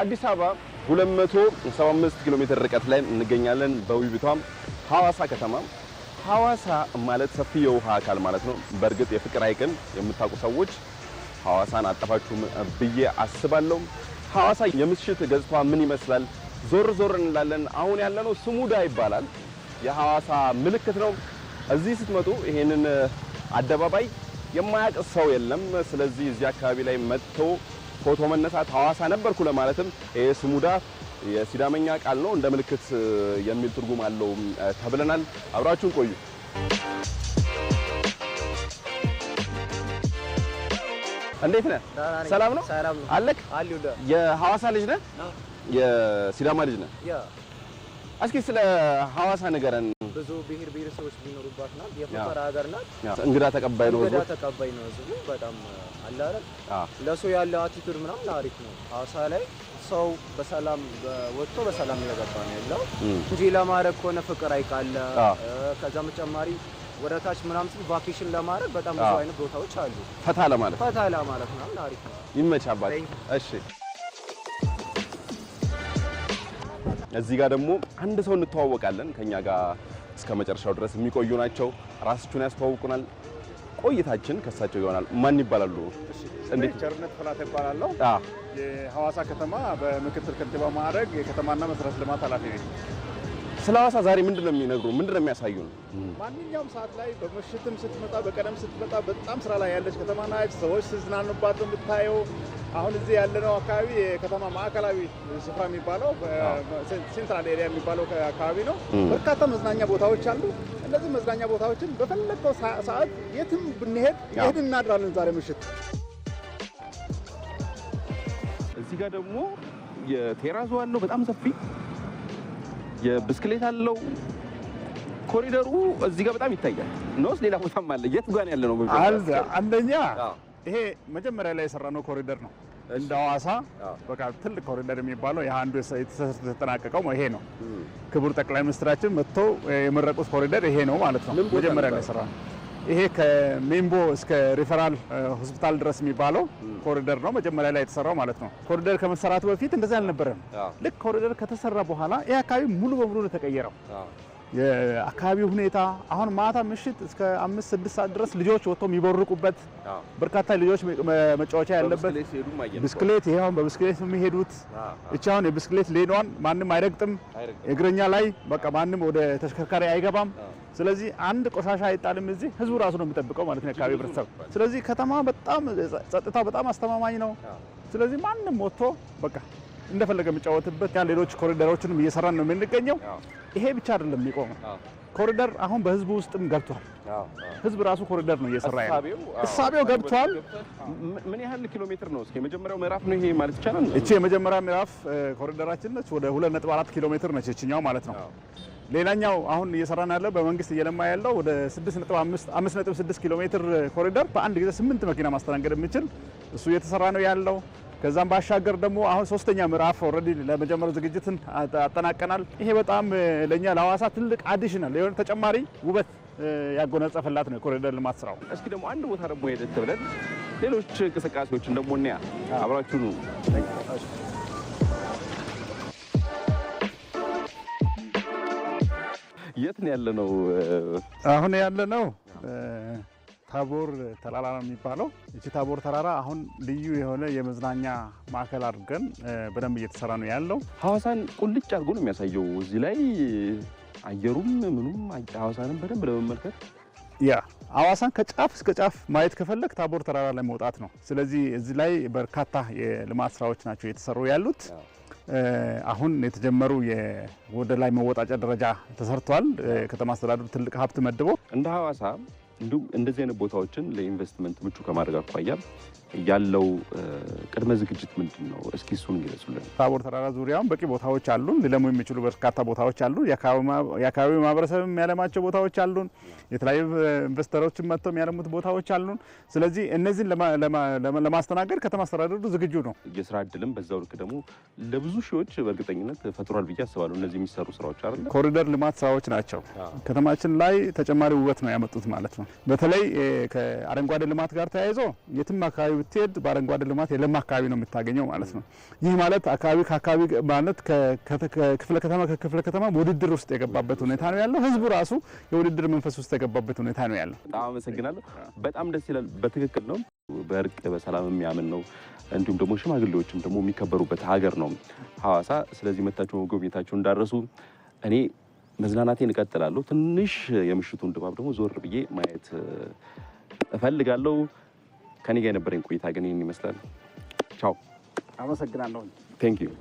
ከአዲስ አበባ 275 ኪሎ ሜትር ርቀት ላይ እንገኛለን በውቢቷ ሐዋሳ ከተማ። ሐዋሳ ማለት ሰፊ የውሃ አካል ማለት ነው። በእርግጥ የፍቅር ሐይቅን የምታውቁ ሰዎች ሐዋሳን አጠፋችሁም ብዬ አስባለሁ። ሐዋሳ የምሽት ገጽታ ምን ይመስላል? ዞር ዞር እንላለን። አሁን ያለነው ስሙዳ ይባላል። የሐዋሳ ምልክት ነው። እዚህ ስትመጡ ይሄንን አደባባይ የማያውቅ ሰው የለም። ስለዚህ እዚህ አካባቢ ላይ መጥተው ፎቶ መነሳት ሐዋሳ ነበርኩ ለማለትም ይህ ስሙዳ የሲዳመኛ ቃል ነው እንደ ምልክት የሚል ትርጉም አለው ተብለናል። አብራችሁን ቆዩ። እንዴት ነህ? ሰላም ነው አለክ? የሐዋሳ ልጅ ነህ? የሲዳማ ልጅ ነህ? እስኪ ስለ ሐዋሳ ንገረን። ብዙ ብሄር ሀገራት ናት፣ የፍቅር ሀገር ናት። እንግዳ ተቀባይ ነው፣ እንግዳ ተቀባይ ነው ህዝቡ በጣም አለ አይደል። ያለው አቲቱድ ምናምን አሪፍ ነው። ሀዋሳ ላይ ሰው በሰላም ወጥቶ በሰላም እየገባ ነው ያለው እንጂ ለማድረግ ከሆነ ፍቅር አይቃለ ከዛ በተጨማሪ ወደ ታች ምናምን ሲል ቫኬሽን ለማድረግ በጣም ብዙ አይነት ቦታዎች አሉ። ፈታ ለማለት ፈታ ለማለት ምናምን አሪፍ ነው። ይመቻባል። እሺ እዚህ ጋር ደግሞ አንድ ሰው እንተዋወቃለን ከኛ ጋር እስከ መጨረሻው ድረስ የሚቆዩ ናቸው። ራሳችሁን ያስተዋውቁናል። ቆይታችን ከእሳቸው ይሆናል። ማን ይባላሉ? ቸርነት ፍላቴ እባላለሁ። የሐዋሳ ከተማ በምክትል ከንቲባ ማዕረግ የከተማና መሰረተ ልማት ኃላፊ ነኝ። ስለ ሀዋሳ ዛሬ ምንድን ነው የሚነግሩ ምንድን ነው የሚያሳዩ ማንኛውም ሰዓት ላይ በምሽትም ስትመጣ በቀደም ስትመጣ በጣም ስራ ላይ ያለች ከተማ ናች። ሰዎች ሲዝናኑባት የምታየው አሁን እዚህ ያለነው አካባቢ የከተማ ማዕከላዊ ስፍራ የሚባለው ሴንትራል ኤሪያ የሚባለው አካባቢ ነው። በርካታ መዝናኛ ቦታዎች አሉ። እነዚህ መዝናኛ ቦታዎችን በፈለግከው ሰዓት የትም ብንሄድ ሄድ እናድራለን። ዛሬ ምሽት እዚህ ጋር ደግሞ የቴራዝ አለው በጣም ሰፊ የብስክሌት አለው ኮሪደሩ እዚህ ጋር በጣም ይታያል። ነውስ ሌላ ቦታም አለ። የት ጋር ያለ ነው? አንደኛ ይሄ መጀመሪያ ላይ የሰራነው ኮሪደር ነው። እንደ ሐዋሳ በቃ ትልቅ ኮሪደር የሚባለው ይሄ አንዱ የተጠናቀቀው ይሄ ነው። ክቡር ጠቅላይ ሚኒስትራችን መጥቶ የመረቁት ኮሪደር ይሄ ነው ማለት ነው። መጀመሪያ ላይ የሰራነው ይሄ ከሜምቦ እስከ ሪፈራል ሆስፒታል ድረስ የሚባለው ኮሪደር ነው፣ መጀመሪያ ላይ የተሰራው ማለት ነው። ኮሪደር ከመሰራቱ በፊት እንደዚህ አልነበረም። ልክ ኮሪደር ከተሰራ በኋላ ይህ አካባቢ ሙሉ በሙሉ ነው የተቀየረው። የአካባቢው ሁኔታ አሁን ማታ ምሽት እስከ አምስት ስድስት ሰዓት ድረስ ልጆች ወጥቶ የሚቦርቁበት በርካታ ልጆች መጫወቻ ያለበት ብስክሌት ይሄውን በብስክሌት የሚሄዱት እቺ አሁን የብስክሌት ሌኗን ማንም አይረግጥም። እግረኛ ላይ በቃ ማንም ወደ ተሽከርካሪ አይገባም። ስለዚህ አንድ ቆሻሻ አይጣልም። እዚህ ህዝቡ ራሱ ነው የሚጠብቀው ማለት ነው የአካባቢ ህብረተሰብ። ስለዚህ ከተማ በጣም ጸጥታ በጣም አስተማማኝ ነው። ስለዚህ ማንም ወጥቶ በቃ እንደፈለገ የሚጫወትበት ሌሎች ኮሪደሮችንም እየሰራን ነው የምንገኘው። ይሄ ብቻ አይደለም የሚቆመው ኮሪደር አሁን በህዝቡ ውስጥም ገብቷል። ህዝብ ራሱ ኮሪደር ነው እየሰራ ያለው። እሳቤው ገብቷል። ምን ያህል ኪሎ ሜትር ነው? እስኪ የመጀመሪያው ምዕራፍ ነው ይሄ ማለት ይቻላል። እቺ የመጀመሪያ ምዕራፍ ኮሪደራችን ነች። ወደ 2.4 ኪሎ ሜትር ነች እቺኛው ማለት ነው። ሌላኛው አሁን እየሰራን ያለው በመንግስት እየለማ ያለው ወደ 6.5 ኪሎ ሜትር ኮሪደር በአንድ ጊዜ ስምንት መኪና ማስተናገድ የሚችል እሱ እየተሰራ ነው ያለው። ከዛም ባሻገር ደግሞ አሁን ሶስተኛ ምዕራፍ ኦልሬዲ ለመጀመሪያው ዝግጅትን አጠናቀናል። ይሄ በጣም ለእኛ ለሐዋሳ ትልቅ አዲሽናል የሆነ ተጨማሪ ውበት ያጎናጸፈላት ነው የኮሪደር ልማት ስራው። እስኪ ደግሞ አንድ ቦታ ደግሞ ሄደት ብለን ሌሎች እንቅስቃሴዎችን ደግሞ እናያ አብራችሁ ነው። የት ነው ያለነው? አሁን ያለነው ታቦር ተራራ ነው የሚባለው። እቺ ታቦር ተራራ አሁን ልዩ የሆነ የመዝናኛ ማዕከል አድርገን በደንብ እየተሰራ ነው ያለው። ሀዋሳን ቁልጭ አድርጎ ነው የሚያሳየው እዚህ ላይ አየሩም ምኑም ሀዋሳንም በደንብ ለመመልከት ያ ሐዋሳን ከጫፍ እስከ ጫፍ ማየት ከፈለግ ታቦር ተራራ ላይ መውጣት ነው። ስለዚህ እዚህ ላይ በርካታ የልማት ስራዎች ናቸው የተሰሩ ያሉት። አሁን የተጀመሩ ወደ ላይ መወጣጫ ደረጃ ተሰርቷል። ከተማ አስተዳደሩ ትልቅ ሀብት መድቦ እንደ ሀዋሳ እንዲሁም እንደዚህ አይነት ቦታዎችን ለኢንቨስትመንት ምቹ ከማድረግ አኳያ ያለው ቅድመ ዝግጅት ምንድን ነው? እስኪ እሱን ግለጹልን። ታቦር ተራራ ዙሪያውን በቂ ቦታዎች አሉን። ሊለሙ የሚችሉ በርካታ ቦታዎች አሉ። የአካባቢው ማህበረሰብ የሚያለማቸው ቦታዎች አሉን። የተለያዩ ኢንቨስተሮች መጥተው የሚያለሙት ቦታዎች አሉን። ስለዚህ እነዚህን ለማስተናገድ ከተማ አስተዳደሩ ዝግጁ ነው። የስራ እድልም በዛው ልክ ደግሞ ለብዙ ሺዎች በእርግጠኝነት ፈጥሯል ብዬ አስባለሁ። እነዚህ የሚሰሩ ስራዎች አለ ኮሪደር ልማት ስራዎች ናቸው። ከተማችን ላይ ተጨማሪ ውበት ነው ያመጡት ማለት ነው። በተለይ ከአረንጓዴ ልማት ጋር ተያይዞ የትም አካባቢ ብትሄድ በአረንጓዴ ልማት የለማ አካባቢ ነው የምታገኘው ማለት ነው። ይህ ማለት አካባቢ ከአካባቢ ማለት ክፍለ ከተማ ከክፍለ ከተማ ውድድር ውስጥ የገባበት ሁኔታ ነው ያለው። ህዝቡ ራሱ የውድድር መንፈስ ውስጥ የገባበት ሁኔታ ነው ያለው። በጣም አመሰግናለሁ። በጣም ደስ ይላል። በትክክል ነው። በእርቅ በሰላም የሚያምን ነው። እንዲሁም ደግሞ ሽማግሌዎችም ደግሞ የሚከበሩበት ሀገር ነው ሀዋሳ ስለዚህ መታቸው መጎብኘታቸው እንዳረሱ እኔ መዝናናቴን እቀጥላለሁ። ትንሽ የምሽቱን ድባብ ደግሞ ዞር ብዬ ማየት እፈልጋለሁ። ከኔ ጋር የነበረኝ ቆይታ ግን ይህን ይመስላል። Ciao. Thank you.